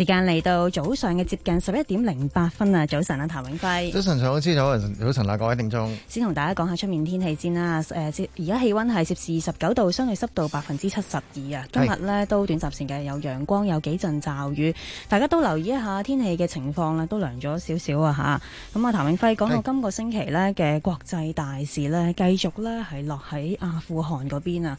時間嚟到早上嘅接近十一點零八分啊！早晨啊，譚永輝。早晨，早安，早晨啊，各位聽眾。先同大家講下出面天氣先啦。而家氣溫係攝氏二十九度，相對濕度百分之七十二啊。今日呢都短暫時間有陽光，有幾陣驟雨。大家都留意一下天氣嘅情況咧，都涼咗少少啊吓。咁啊，譚永輝講到今個星期呢嘅國際大事呢繼續呢係落喺阿富汗嗰邊啊。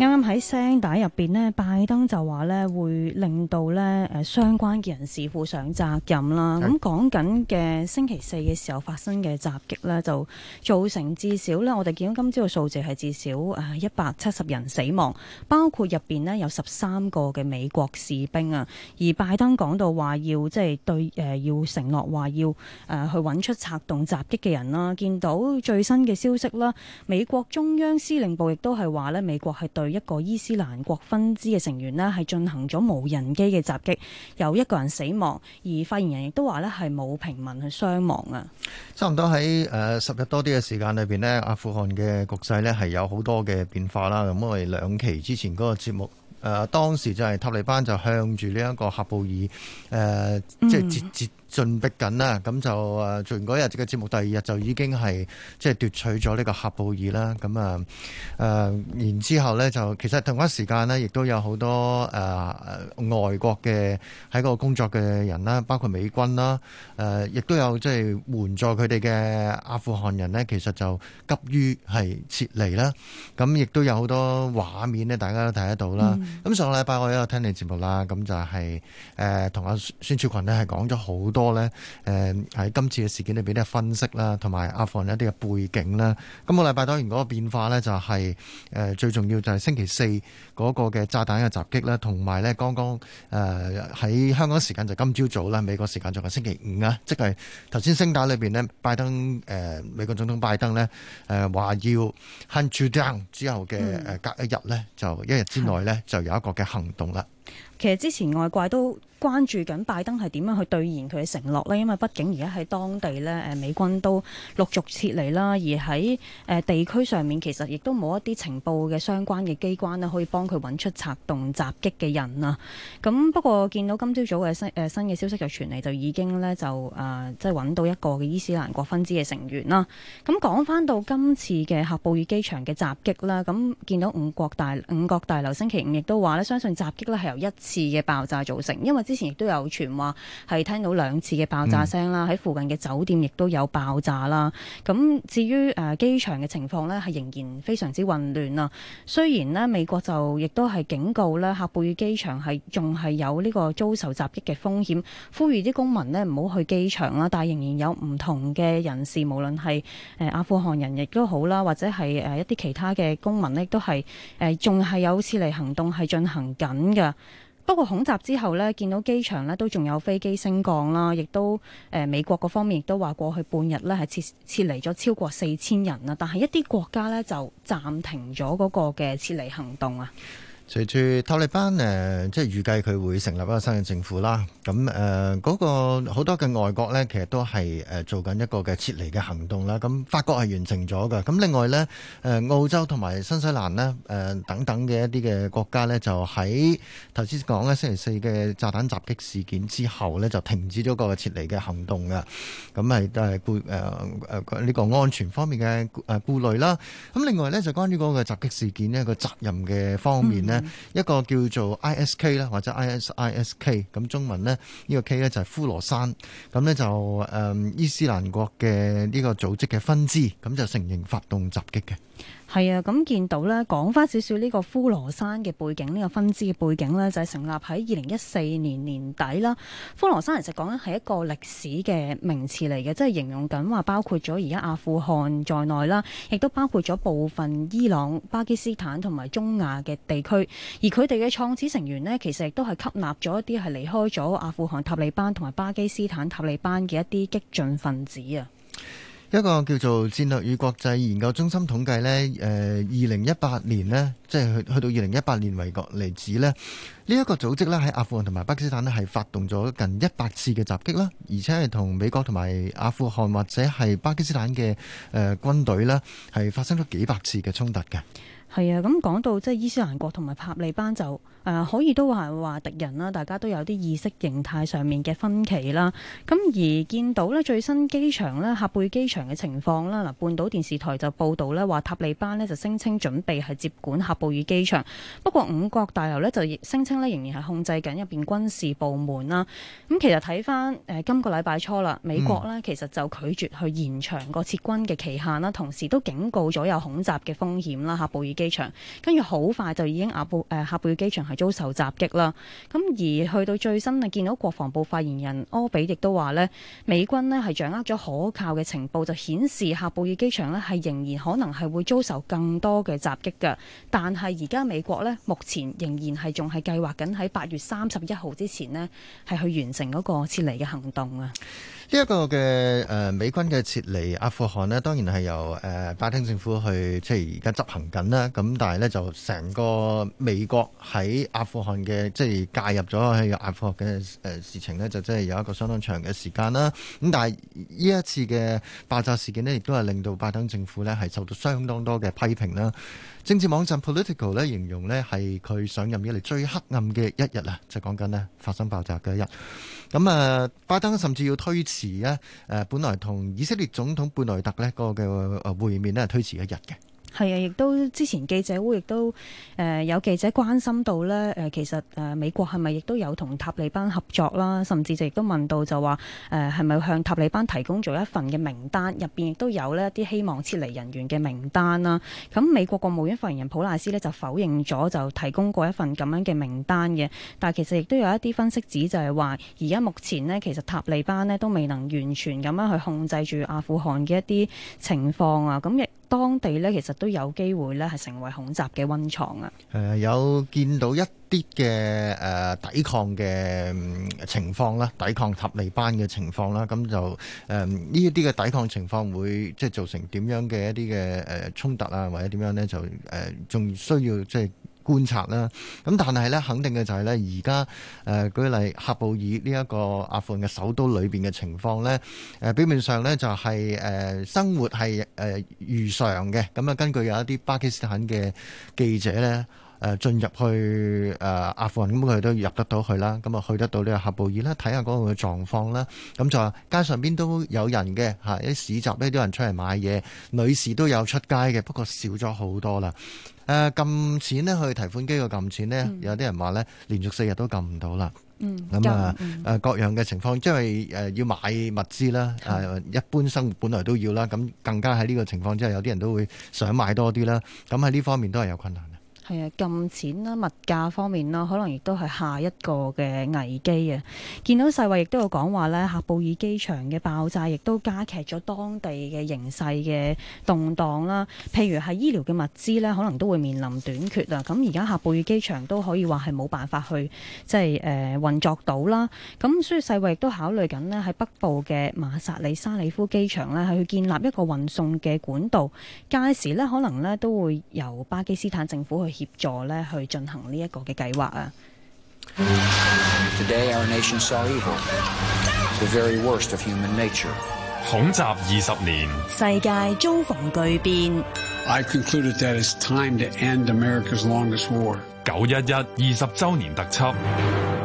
啱啱喺聲帶入邊咧，拜登就話咧會令到咧誒相關嘅人士負上責任啦。咁講緊嘅星期四嘅時候發生嘅襲擊咧，就造成至少咧，我哋見到今朝嘅數字係至少誒一百七十人死亡，包括入邊咧有十三個嘅美國士兵啊。而拜登講到話要即係對誒、呃、要承諾話要誒、呃、去揾出策動襲擊嘅人啦。見到最新嘅消息啦，美國中央司令部亦都係話咧美國係對。一個伊斯蘭國分支嘅成員呢，係進行咗無人機嘅襲擊，有一個人死亡，而發言人亦都話呢係冇平民去傷亡啊。差唔多喺誒十日多啲嘅時間裏邊呢，阿富汗嘅局勢呢係有好多嘅變化啦。咁我哋兩期之前嗰個節目誒、呃，當時就係塔利班就向住呢一個喀布爾誒、呃嗯，即係直接。進逼緊啦，咁就誒，做完嗰日嘅節目，第二日就已經係即係奪取咗呢個喀布爾啦。咁啊誒，然之後呢，就其實同一時間呢，亦都有好多誒、呃呃、外國嘅喺嗰度工作嘅人啦，包括美軍啦，誒、呃、亦都有即係援助佢哋嘅阿富汗人呢，其實就急於係撤離啦。咁亦都有好多畫面呢，大家都睇得到啦。咁、嗯、上個禮拜我都有聽你節目啦，咁就係誒同阿孫超群呢係講咗好多。多咧，誒、呃、喺今次嘅事件裏邊一啲分析啦，同埋阿富汗一啲嘅背景啦。今個禮拜當然嗰個變化咧就係、是、誒、呃、最重要就係星期四嗰個嘅炸彈嘅襲擊啦，同埋咧剛剛誒喺、呃、香港時間就今朝早啦，美國時間就係星期五啊，即係頭先聲帶裏邊呢，拜登誒、呃、美國總統拜登呢誒話、呃、要 hunt down 之後嘅誒隔一日咧、嗯，就一日之內咧就有一個嘅行動啦。其實之前外界都關注緊拜登係點樣去兌現佢嘅承諾呢？因為畢竟而家喺當地呢，誒美軍都陸續撤離啦，而喺誒地區上面其實亦都冇一啲情報嘅相關嘅機關呢，可以幫佢揾出策動襲擊嘅人啦。咁不過見到今朝早嘅新誒新嘅消息就傳嚟，就已經呢，就、呃、誒即係揾到一個嘅伊斯蘭國分支嘅成員啦。咁講翻到今次嘅喀布爾機場嘅襲擊啦，咁見到五角大五角大樓星期五亦都話呢，相信襲擊呢係由一次嘅爆炸造成，因為之前亦都有傳話係聽到兩次嘅爆炸聲啦，喺、嗯、附近嘅酒店亦都有爆炸啦。咁至於誒、呃、機場嘅情況呢，係仍然非常之混亂啊。雖然呢，美國就亦都係警告呢，喀布爾機場係仲係有呢個遭受襲擊嘅風險，呼籲啲公民呢唔好去機場啦。但係仍然有唔同嘅人士，無論係、呃、阿富汗人亦都好啦，或者係一啲其他嘅公民呢，都係仲係有次嚟行動係進行緊㗎。不過恐襲之後呢，見到機場呢都仲有飛機升降啦，亦都誒、呃、美國嗰方面亦都話過去半日呢係撤撤離咗超過四千人啦，啊，但係一啲國家呢就暫停咗嗰個嘅撤離行動啊。隨住塔利班誒、呃，即係預計佢會成立一個新嘅政府啦。咁誒，嗰個好多嘅外國咧，其實都係誒做緊一個嘅撤離嘅行動啦。咁法國係完成咗㗎。咁另外咧，誒澳洲同埋新西蘭呢誒、呃、等等嘅一啲嘅國家咧，就喺頭先講咧星期四嘅炸彈襲擊事件之後咧，就停止咗個撤離嘅行動㗎。咁係都係顧誒呢個安全方面嘅誒顧慮啦。咁、呃、另外咧，就關於嗰個襲擊事件呢個責任嘅方面呢。嗯嗯、一個叫做 ISK 啦，或者 ISISK，咁中文呢，呢、這個 K 呢就係呼羅山，咁呢就誒、嗯、伊斯蘭國嘅呢個組織嘅分支，咁就承認發動襲擊嘅。係啊，咁見到呢講翻少少呢個呼羅山嘅背景，呢、這個分支嘅背景呢，就係、是、成立喺二零一四年年底啦。呼羅山其實講緊係一個歷史嘅名詞嚟嘅，即、就、係、是、形容緊話包括咗而家阿富汗在內啦，亦都包括咗部分伊朗、巴基斯坦同埋中亞嘅地區。而佢哋嘅創始成員呢，其實亦都係吸納咗一啲係離開咗阿富汗塔利班同埋巴基斯坦塔利班嘅一啲激進分子啊。一個叫做戰略與國際研究中心統計呢，誒二零一八年呢，即係去去到二零一八年為國嚟止呢，呢一個組織呢，喺阿富汗同埋巴基斯坦呢，係發動咗近一百次嘅襲擊啦，而且係同美國同埋阿富汗或者係巴基斯坦嘅誒軍隊咧係發生咗幾百次嘅衝突嘅。係啊，咁講到即係伊斯蘭國同埋塔利班就誒、呃、可以都話係話敵人啦，大家都有啲意識形態上面嘅分歧啦。咁而見到呢，最新機場呢，喀布爾機場嘅情況啦，嗱，半島電視台就報道呢，話塔利班呢就聲稱準備係接管喀布爾機場，不過五角大樓呢，就聲稱呢仍然係控制緊入邊軍事部門啦。咁其實睇翻誒今個禮拜初啦，美國呢其實就拒絕去延長個撤軍嘅期限啦、嗯，同時都警告咗有恐襲嘅風險啦，喀布爾機場，跟住好快就已經阿布誒，喀布爾機場係遭受襲擊啦。咁而去到最新啊，見到國防部發言人柯比亦都話呢，美軍呢係掌握咗可靠嘅情報，就顯示喀布爾機場呢係仍然可能係會遭受更多嘅襲擊嘅。但係而家美國呢，目前仍然係仲係計劃緊喺八月三十一號之前呢，係去完成嗰個撤離嘅行動啊。呢、這、一個嘅誒美軍嘅撤離阿富汗呢，當然係由誒拜登政府去即係而家執行緊啦。咁但係呢，就成個美國喺阿富汗嘅即係介入咗喺阿富汗嘅誒事情呢，就真係有一個相當長嘅時間啦。咁但係呢一次嘅爆炸事件呢，亦都係令到拜登政府呢係受到相當多嘅批評啦。政治網站 Political 呢，形容呢係佢上任以來最黑暗嘅一日啊！就講講緊呢發生爆炸嘅一日。咁啊，拜登甚至要推遲咧，誒，本來同以色列總統貝內特咧個嘅誒會面咧，推遲一日嘅。係啊，亦都之前記者會亦都誒、呃、有記者關心到呢。誒、呃，其實誒、呃、美國係咪亦都有同塔利班合作啦？甚至就亦都問到就話誒係咪向塔利班提供咗一份嘅名單，入邊亦都有呢一啲希望撤離人員嘅名單啦。咁、啊、美國的國務院發言人普賴斯呢就否認咗就提供過一份咁樣嘅名單嘅。但係其實亦都有一啲分析指就係話，而家目前呢，其實塔利班呢都未能完全咁樣去控制住阿富汗嘅一啲情況啊。咁、嗯、亦當地咧其實都有機會咧係成為恐襲嘅溫床。啊、呃、有見到一啲嘅誒抵抗嘅情況啦，抵抗塔利班嘅情況啦，咁就誒呢一啲嘅抵抗情況會即係造成點樣嘅一啲嘅誒衝突啊，或者點樣咧就仲、呃、需要即係觀察啦，咁但係咧，肯定嘅就係咧，而家誒舉例，喀布爾呢一個阿富汗嘅首都裏邊嘅情況咧，誒、呃、表面上咧就係、是、誒、呃、生活係誒、呃、如常嘅。咁啊，根據有一啲巴基斯坦嘅記者咧誒進入去誒、呃、阿富汗，咁佢哋都入得到去啦，咁啊去得到呢個喀布爾啦，睇下嗰度嘅狀況啦。咁就街上邊都有人嘅嚇，一啲市集呢都有人出嚟買嘢，女士都有出街嘅，不過少咗好多啦。誒、呃、撳錢呢？去提款機個撳錢呢？嗯、有啲人話呢，連續四日都撳唔到啦。嗯，咁啊、嗯、各樣嘅情況，即係要買物資啦、嗯啊，一般生活本來都要啦。咁更加喺呢個情況之下，有啲人都會想買多啲啦。咁喺呢方面都係有困難。係啊，咁錢啦、物價方面啦，可能亦都係下一個嘅危機啊！見到世衛亦都有講話呢，喀布爾機場嘅爆炸亦都加劇咗當地嘅形勢嘅動盪啦。譬如係醫療嘅物資呢，可能都會面臨短缺啊！咁而家喀布爾機場都可以話係冇辦法去即係誒運作到啦。咁所以世衛亦都考慮緊呢喺北部嘅馬薩里沙里夫機場呢，係去建立一個運送嘅管道，屆時呢，可能呢都會由巴基斯坦政府去。協助咧去進行呢一個嘅計劃啊！Today our nation saw evil, the very worst of human nature. 恐襲二十年，世界遭逢巨變。I concluded that it's time to end America's longest war. 九一一二十週年特輯。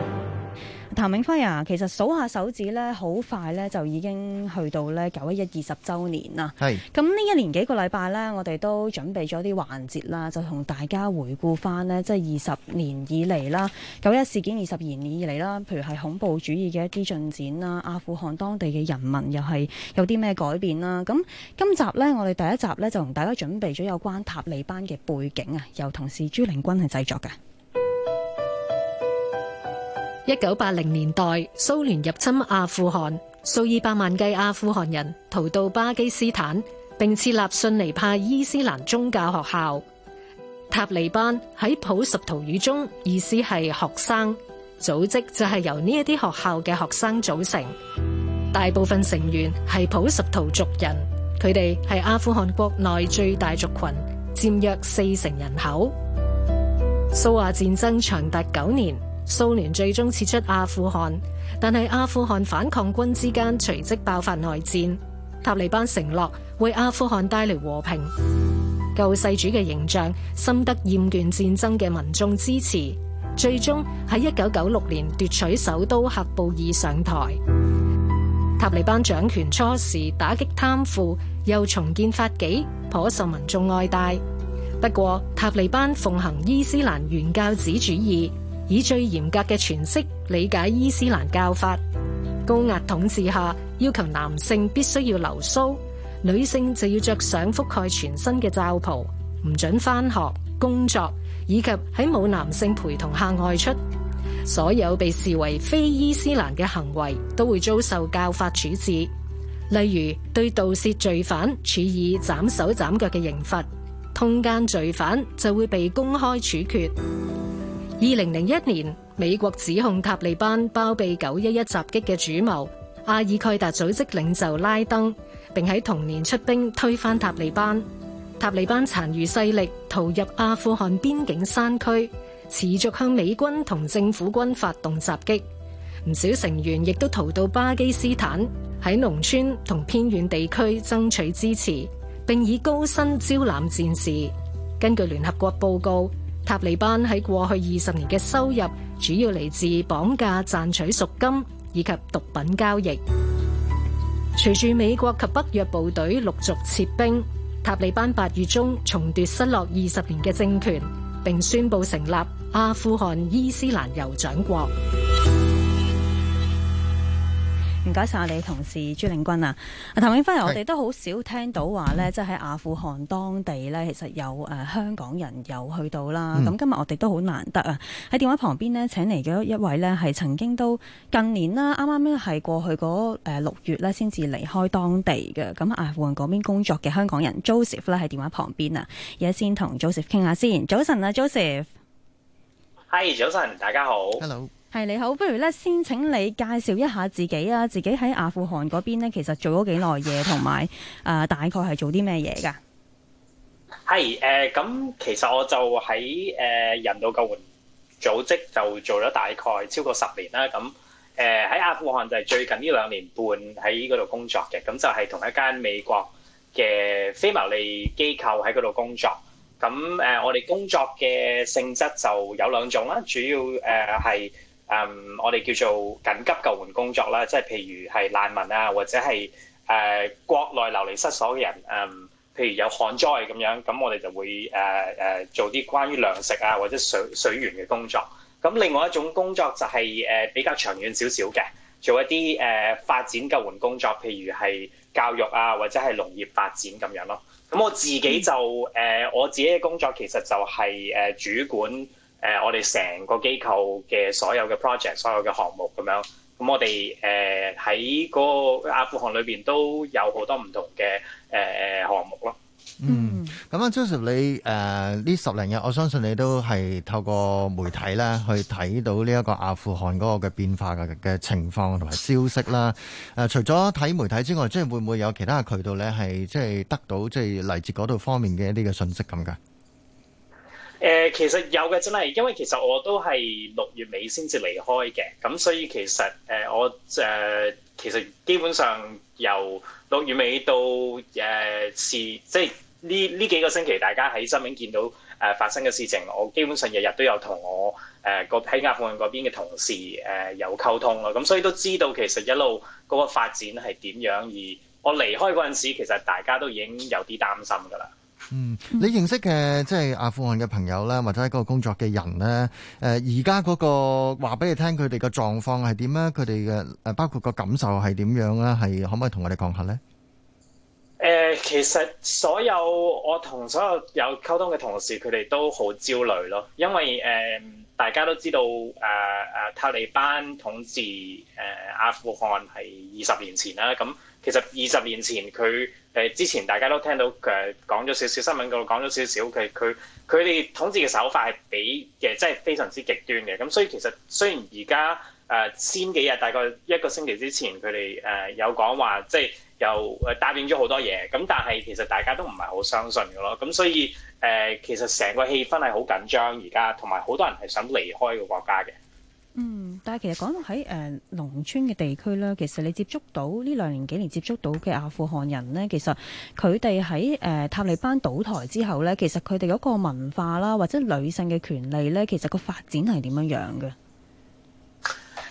譚永輝啊，其實數下手指咧，好快咧就已經去到咧九一一二十週年啦。係，咁呢一年幾個禮拜咧，我哋都準備咗啲環節啦，就同大家回顧翻呢，即係二十年以嚟啦，九一一事件二十年以嚟啦，譬如係恐怖主義嘅一啲進展啦，阿富汗當地嘅人民又係有啲咩改變啦。咁今集咧，我哋第一集咧就同大家準備咗有關塔利班嘅背景啊，由同事朱令筠係製作嘅。一九八零年代，蘇聯入侵阿富汗，數以百萬計阿富汗人逃到巴基斯坦，並設立遜尼派伊斯蘭宗教學校。塔利班喺普什圖語中意思係學生，組織就係由呢一啲學校嘅學生組成。大部分成員係普什圖族人，佢哋係阿富汗國內最大族群，佔約四成人口。蘇阿戰爭長達九年。蘇聯最終撤出阿富汗，但係阿富汗反抗軍之間隨即爆發內戰。塔利班承諾為阿富汗帶嚟和平，救世主嘅形象深得厭倦戰爭嘅民眾支持。最終喺一九九六年奪取首都喀布爾上台。塔利班掌權初時打擊貪腐，又重建法紀，頗受民眾愛戴。不過，塔利班奉行伊斯蘭原教旨主義。以最嚴格嘅詮釋理解伊斯蘭教法，高壓統治下要求男性必須要留須，女性就要着上覆蓋全身嘅罩袍，唔准返學、工作以及喺冇男性陪同下外出。所有被視為非伊斯蘭嘅行為都會遭受教法處置，例如對盜竊罪犯處以斬手斬腳嘅刑罰，通奸罪犯就會被公開處決。二零零一年，美國指控塔利班包庇九一一襲擊嘅主謀，阿爾蓋達組織領袖拉登，並喺同年出兵推翻塔利班，塔利班殘餘勢力逃入阿富汗邊境山區，持續向美軍同政府軍發動襲擊。唔少成員亦都逃到巴基斯坦，喺農村同偏遠地區爭取支持，並以高薪招攬戰士。根據聯合國報告，塔利班喺過去二十年嘅收入主要嚟自綁架賺取贖金，以及毒品交易。隨住美國及北約部隊陸續撤兵，塔利班八月中重奪失落二十年嘅政權，並宣佈成立阿富汗伊斯蘭酋長國。唔該晒，你同事朱令筠啊，談完翻嚟，我哋都好少聽到話咧、嗯，即係喺阿富汗當地咧，其實有、呃、香港人有去到啦。咁、嗯、今日我哋都好難得啊，喺電話旁邊咧請嚟嘅一位咧係曾經都近年啦，啱啱咧係過去嗰六月咧先至離開當地嘅，咁阿富汗嗰邊工作嘅香港人 Joseph 咧喺電話旁邊啊，而家先同 Joseph 傾下先。早晨啊，Joseph。Hi，早晨，大家好。Hello。係，你好，不如咧先請你介紹一下自己啊。自己喺阿富汗嗰邊咧，其實做咗幾耐嘢，同埋誒大概係做啲咩嘢噶？係誒咁，其實我就喺誒、呃、人道救援組織就做咗大概超過十年啦。咁誒喺阿富汗就係最近呢兩年半喺嗰度工作嘅。咁就係同一間美國嘅非牟利機構喺嗰度工作。咁誒、呃，我哋工作嘅性質就有兩種啦，主要誒係，呃是誒、um,，我哋叫做緊急救援工作啦，即係譬如係難民啊，或者係誒、uh, 國內流離失所嘅人，誒、um,，譬如有旱災咁樣，咁我哋就會誒誒、uh, uh, 做啲關於糧食啊或者水水源嘅工作。咁另外一種工作就係、是、誒、uh, 比較長遠少少嘅，做一啲誒、uh, 發展救援工作，譬如係教育啊或者係農業發展咁樣咯。咁我自己就誒、uh, 我自己嘅工作其實就係、是、誒、uh, 主管。誒、呃，我哋成個機構嘅所有嘅 project，所有嘅項目咁樣，咁我哋誒喺嗰個阿富汗裏邊都有好多唔同嘅誒、呃、項目咯。嗯，咁阿 Joseph 你誒呢、呃、十零日，我相信你都係透過媒體咧去睇到呢一個阿富汗嗰個嘅變化嘅嘅情況同埋消息啦。誒、呃，除咗睇媒體之外，即係會唔會有其他嘅渠道咧，係即係得到即係嚟自嗰度方面嘅一啲嘅信息咁㗎？呃、其實有嘅，真係，因為其實我都係六月尾先至離開嘅，咁所以其實、呃、我、呃、其實基本上由六月尾到誒是、呃，即係呢呢幾個星期，大家喺新聞見到誒、呃、發生嘅事情，我基本上日日都有同我誒個喺阿富汗嗰邊嘅同事、呃、有溝通咯，咁所以都知道其實一路嗰個發展係點樣，而我離開嗰陣時，其實大家都已經有啲擔心㗎啦。嗯，你認識嘅即係阿富汗嘅朋友啦，或者喺嗰度工作嘅人咧，誒而家嗰個話俾你聽，佢哋嘅狀況係點咧？佢哋嘅誒包括個感受係點樣咧？係可唔可以同我哋講下咧？誒、呃，其實所有我同所有有溝通嘅同事，佢哋都好焦慮咯，因為誒、呃、大家都知道誒誒、呃、塔利班統治誒、呃、阿富汗係二十年前啦。咁、啊、其實二十年前佢。佢誒之前大家都聽到誒講咗少少新聞，度講咗少少佢佢佢哋統治嘅手法係比嘅，即係非常之極端嘅。咁所以其實雖然而家誒先幾日，大概一個星期之前，佢哋誒有講話，即係又誒答應咗好多嘢。咁但係其實大家都唔係好相信嘅咯。咁所以誒、呃，其實成個氣氛係好緊張而家，同埋好多人係想離開個國家嘅。嗯，但係其實講到喺誒、呃、農村嘅地區咧，其實你接觸到呢兩年幾年接觸到嘅阿富汗人咧，其實佢哋喺誒塔利班倒台之後咧，其實佢哋嗰個文化啦，或者女性嘅權利咧，其實個發展係點樣樣嘅？誒、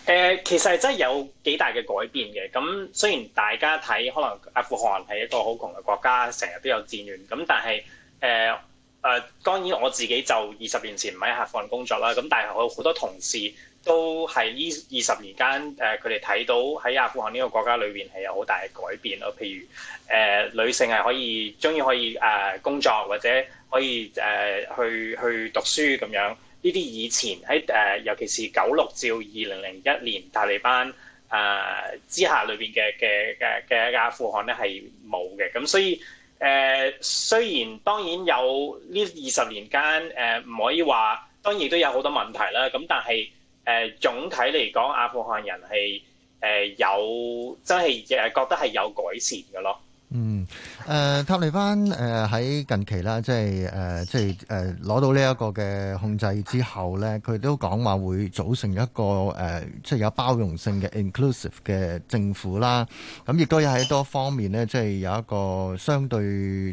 呃，其實係真係有幾大嘅改變嘅。咁雖然大家睇可能阿富汗係一個好窮嘅國家，成日都有戰亂咁，但係誒誒，當然我自己就二十年前唔喺阿富汗工作啦。咁但係我有好多同事。都係呢二十年間，誒佢哋睇到喺阿富汗呢個國家裏邊係有好大嘅改變咯。譬如誒、呃、女性係可以，終於可以誒、呃、工作或者可以誒、呃、去去讀書咁樣。呢啲以前喺誒、呃，尤其是九六至二零零一年塔利班誒、呃、之下裏邊嘅嘅嘅嘅阿富汗咧係冇嘅。咁所以誒、呃，雖然當然有呢二十年間誒，唔、呃、可以話當然都有好多問題啦。咁但係，誒、呃、總體嚟講，阿富汗人係誒、呃、有真係誒覺得係有改善㗎囉。嗯，誒、呃、塔利班誒喺、呃、近期啦，即係誒、呃、即係誒攞到呢一個嘅控制之後咧，佢都講話會組成一個誒、呃、即係有包容性嘅 inclusive 嘅政府啦。咁亦都喺多方面咧，即係有一個相對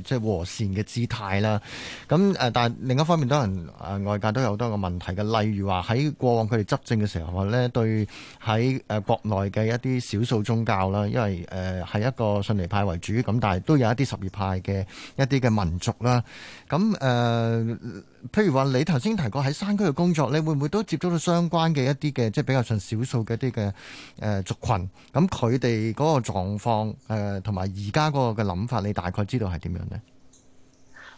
即係和善嘅姿態啦。咁誒但係、呃、另一方面當然誒外界都有好多個問題嘅，例如話喺過往佢哋執政嘅時候咧，對喺誒國內嘅一啲少數宗教啦，因為誒係、呃、一個遜尼派為主。咁但係都有一啲什葉派嘅一啲嘅民族啦，咁誒、呃，譬如話你頭先提過喺山區嘅工作，你會唔會都接觸到相關嘅一啲嘅、即係比較上少數嘅一啲嘅誒族群？咁佢哋嗰個狀況同埋而家嗰個嘅諗法，你大概知道係點樣呢？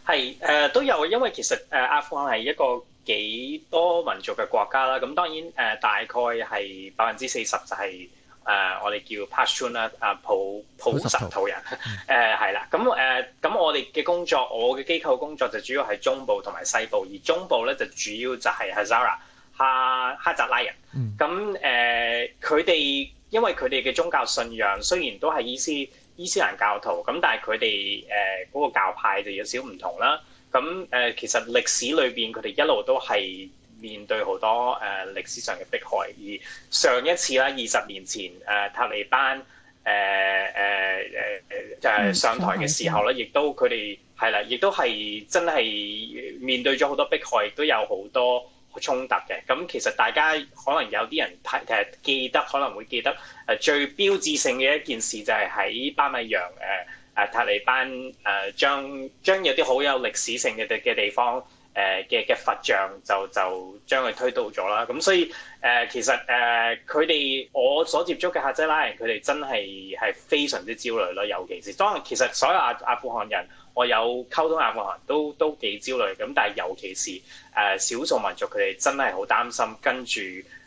係誒、呃、都有，因為其實誒阿富汗係一個幾多民族嘅國家啦。咁當然誒、呃，大概係百分之四十就係、是。誒、uh, 啊，我哋叫 Pashtun 啦，啊普普什圖人，誒係啦，咁 誒、嗯，咁、uh, uh, 我哋嘅工作，我嘅機構工作就主要係中部同埋西部，而中部咧就主要就係哈薩拉、哈哈扎拉人，咁、嗯、誒，佢哋、uh, 因為佢哋嘅宗教信仰雖然都係伊斯伊斯蘭教徒，咁但係佢哋誒嗰個教派就有少少唔同啦，咁誒，uh, 其實歷史裏邊佢哋一路都係。面對好多誒、呃、歷史上嘅迫害，而上一次啦，二十年前誒、呃、塔利班誒誒誒誒就係上台嘅時候咧，亦都佢哋係啦，亦都係真係面對咗好多迫害，亦都有好多衝突嘅。咁其實大家可能有啲人睇誒記得，可能會記得誒、呃、最標誌性嘅一件事就係喺巴米揚誒誒塔利班誒、呃、將將有啲好有歷史性嘅嘅地方，誒嘅嘅佛像就就將佢推倒咗啦，咁所以誒、呃、其實誒佢哋我所接觸嘅喀茲拉人佢哋真係係非常之焦慮咯，尤其是當然其實所有阿阿富汗人，我有溝通阿富汗人都都幾焦慮，咁但係尤其是誒少、呃、數民族佢哋真係好擔心，跟住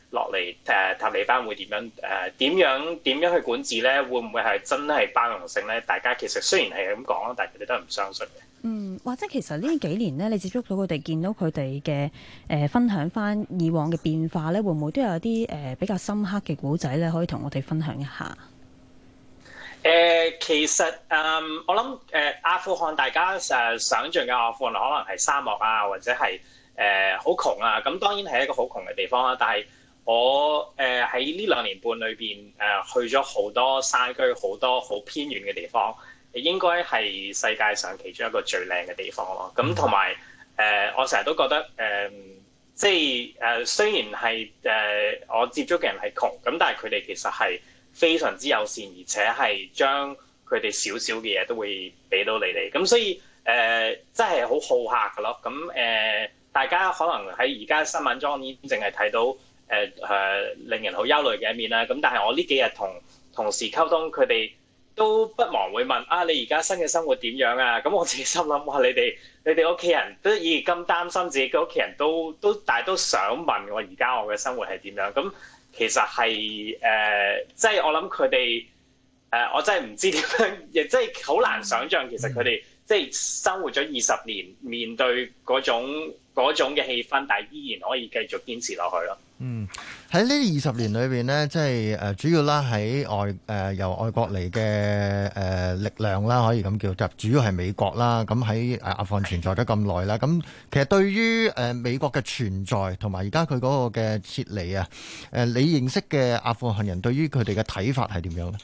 落嚟誒塔利班會點樣誒點、呃、樣點樣去管治咧？會唔會係真係包容性咧？大家其實雖然係咁講啦，但係佢哋都係唔相信嘅。嗯。或者其實呢幾年咧，你接觸到佢哋，見到佢哋嘅誒分享翻以往嘅變化咧，會唔會都有啲誒、呃、比較深刻嘅古仔咧？可以同我哋分享一下。誒、呃，其實誒、嗯，我諗誒、呃、阿富汗，大家成日想象嘅阿富汗可能係沙漠啊，或者係誒好窮啊。咁當然係一個好窮嘅地方啦、啊。但係我誒喺呢兩年半裏邊誒去咗好多山區，好多好偏遠嘅地方，應該係世界上其中一個最靚嘅地方咯。咁同埋誒，我成日都覺得誒、呃，即係誒、呃，雖然係誒、呃，我接觸嘅人係窮，咁但係佢哋其實係非常之友善，而且係將佢哋少少嘅嘢都會俾到你哋。咁所以誒、呃，真係好好客嘅咯。咁、呃、誒，大家可能喺而家新聞中已經只淨係睇到誒誒、呃，令人好憂慮嘅一面啦。咁但係我呢幾日同同事溝通佢哋，佢哋。都不忘會問啊，你而家新嘅生活點樣啊？咁我自己心諗哇，你哋你哋屋企人都已咁擔心自己嘅屋企人都都大都想問我而家我嘅生活係點樣？咁其實係即係我諗佢哋我真係唔知點樣，亦即係好難想像，其實佢哋即係生活咗二十年，面對嗰種嗰種嘅氣氛，但係依然可以繼續堅持落去咯。嗯，喺呢二十年裏邊呢，即係誒，主要啦喺外誒、呃，由外國嚟嘅誒力量啦，可以咁叫，就主要係美國啦。咁喺阿阿富汗存在咗咁耐啦。咁、啊、其實對於誒、呃、美國嘅存在同埋而家佢嗰個嘅撤離啊，誒，你認識嘅阿富汗人對於佢哋嘅睇法係點樣呢？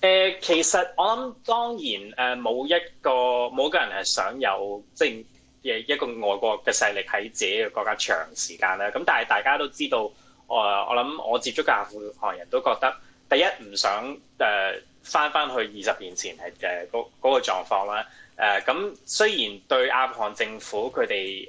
誒、呃，其實我諗當然誒，冇、呃、一個冇一個人係想有即。嘅一個外國嘅勢力喺自己嘅國家長時間咧，咁但係大家都知道，我我諗我接觸嘅阿富汗人都覺得，第一，唔想誒返返去二十年前係誒嗰嗰個狀況啦。誒、呃、咁雖然對阿富汗政府佢哋誒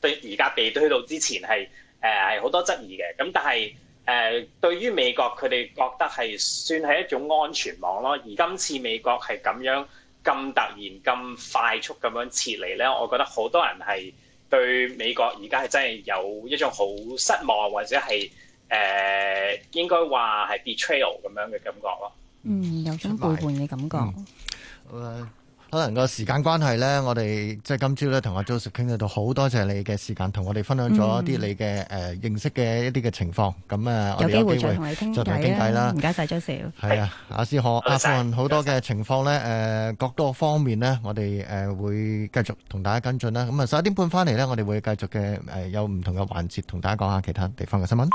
對而家被推到之前係誒係好多質疑嘅，咁但係誒、呃、對於美國佢哋覺得係算係一種安全網咯，而今次美國係咁樣。咁突然咁快速咁樣撤離呢，我覺得好多人係對美國而家係真係有一種好失望或者係誒、呃、應該話係 betrayal 咁樣嘅感覺咯。嗯，有種背叛嘅感覺。可能個時間關係咧，我哋即係今朝咧同阿 Joseph 傾到到好多謝你嘅時間，同我哋分享咗一啲你嘅誒、嗯呃、認識嘅一啲嘅情況。咁、嗯、啊，有機會再同你傾偈啦，唔該晒 Joseph。係啊，阿思浩、阿富汗好多嘅情況咧、呃，各多方面咧，我哋誒、呃、會繼續同大家跟進啦。咁啊，十一點半翻嚟咧，我哋會繼續嘅誒、呃，有唔同嘅環節同大家講下其他地方嘅新聞。